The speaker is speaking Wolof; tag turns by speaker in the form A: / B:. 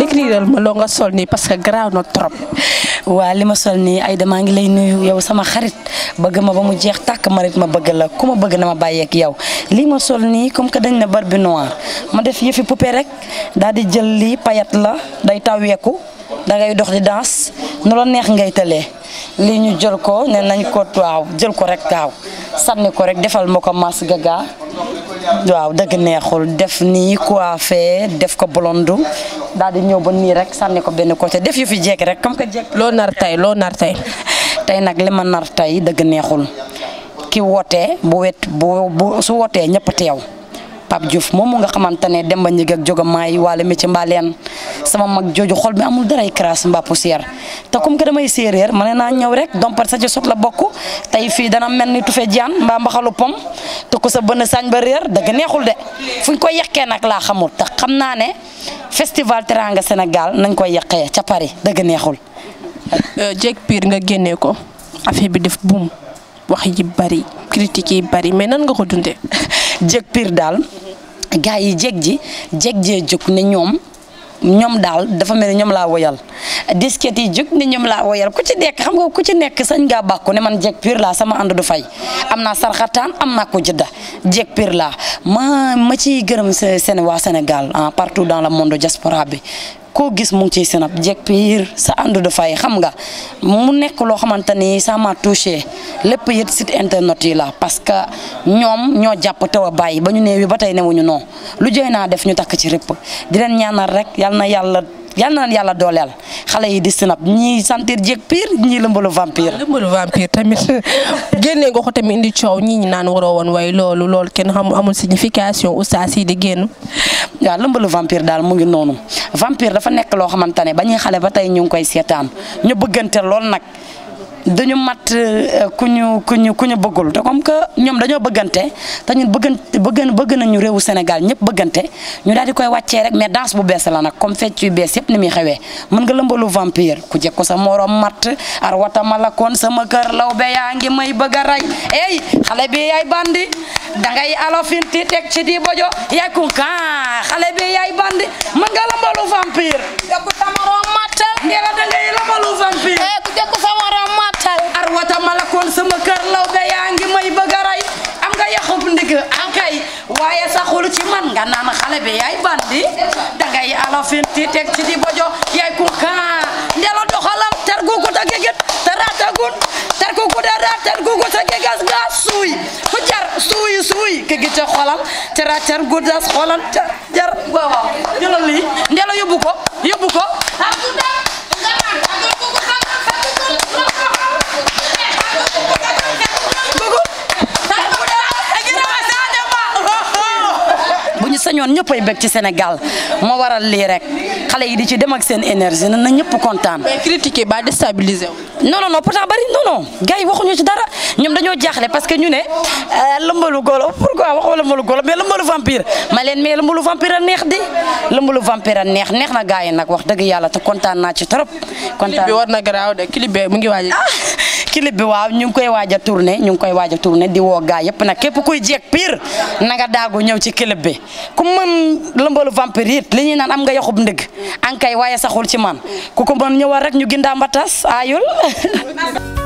A: décriral ma loo nga sol nii parce que garaaw na trop. waa li ma sol nii ay damaa ngi lay nuyu yow sama xarit bëgg ma ba mu jeex tàkk ma ma bëgg la ku ma bëgg na ma bàyyeek yow lii ma sol nii comme que dañ na barbe noire ma def yëfi poupée rek daal di jël lii payat la day taw yeeku da dox di danse nu la neex ngay tëlee. lii ñu jël ko ne nañ ko waaw jël ko rek gaaw sànni ko rek defal ma ko Mass Gaga waaw dëgg neexul def nii coiffé def ko blondu daal di ñëw ba nii rek sànni ko benn côté def yi fi jekk rek comme que loo nar tey loo nar tey tey nag li ma nar tey dëgg neexul ki woote bu wet bu su wootee ñëpp teew Pape Diouf moom mu nga xamante ne dem Ñig ak Jóga Maay wala mi ci mbaaleen sama mag jooju xol bi amul daray crasse mbaa poussière te comme que damay séeréer ma ne naa ñëw rek dompat sa ci sot la bokk tey fii dana mel ni tufe jaan mbaa mbaxalu pom te ko sa bënn sañ ba réer dëgg neexul de fu ñu koy yeqee nag laa xamul te xam naa ne festival Teranga Sénégal nañ koy yeqee ca Paris dëgg neexul. Dieg euh, Pire nga génne ko affaire bi def buum wax yi bari critiques yi bari mais nan nga ko dundee. Dieg Pire daal gars yi jéeg ji jéeg jee jóg ne ñoom. ñoom daal dafa mel ni ñoom laa woyal disket yi jóg ni ñoom laa woyal ku ci nekk xam nga ku ci nekk sañ ngaa bàkku ne man jeeg pire laa sama ànd du fay am naa sarxataan am naa ko jëdda jeeg pire laa ma ma ci gërëm seen waa Sénégal ah, partout dans le monde diaspora bi koo gis mu ci ciy sinap jekk piir sa ànd dafay xam nga mu nekk loo xamante ni ça m'a touché lépp yit site internet yi la parce que ñoom ñoo jàpp te a bàyyi ba ñu néew ba tey newuñu noo lu jooy naa def ñu takk ci rëpp di leen ñaanal rek yal na yàlla yal na yàlla dooleel xale yi di sinap ñi sentir jéeg pire ñii lëmbalu vampire. lëmbalu vampire tamit génne nga ko tamit indi coow ñii ñu naan waroo woon waaye loolu loolu kenn xamul amul signification oustaz yi di génn. waaw lëmbalu vampire daal mu ngi noonu vampire dafa nekk loo xamante ne ba ñuy xale ba tey ñu ngi koy seetaan ñu bëggante lool nag. duñu mat euh, ku ñu ku ñu bëggul te comme que ñoom dañoo bëggante te ñun bëggante bëgg bëgg nañu réewu Sénégal ñëpp bëggante ñu daal di koy wàccee rek mais danse bu bees la nag comme fecc yu bees yëpp ni muy xewee mën nga lëmbalu vampire ku jekku sa morom mat ar watama la kon sama kër law be yaa ngi may bëgg a ey xale bi yaay bandi dangay alofinti teg ci di bojo yaay kunkan xale bi yaay bandi mën nga lëmbalu vampire dëgg akay ah, waaye saxul ci man nga naan xale bi yaay bandi dangay alafin ti teg ci di bojo yaay kunka ndelo doxalam ter gugu ta gegit te ratagun ter gugu da rat ter gugu ta gegas ga suuy fu jar suuy suuy ke gi te xolam te rat ter gugu da xolam jar waaw jëlal lii ndelo yóbbu ko yóbbu ko sañoon ñëpp ay bëgg ci Sénégal moo waral lii rek xale yi di ci dem ak seen énergie na ñëpp kontaan. ba déstabiliser wu. non non non pourtant bari non non gars yi waxuñu ci dara ñoom dañoo jaaxle parce que ñu ne euh, lëmbalu golo pourquoi waxoo lëmbalu golo mais lëmbalu vampire ma leen mais lëmbalu vampire a neex di lëmbalu vampire a neex neex na gars yi nag wax dëgg yàlla te kontaan naa ci trop. kontaan bi war na de clip mu ngi waaj clip bi waaw ñu ngi koy waaj a tourné ñu ngi koy waaja a tourné di woo gaa yëpp nag képp kuy jeeg pire nanga nga daagu ñëw ci clip bi ku mën lëmbalu vampire it li ñuy naan am nga yoxub ndëgg ankay waaye saxul ci man ku ko mën ñëwal rek ñu gindaa mbatas ayul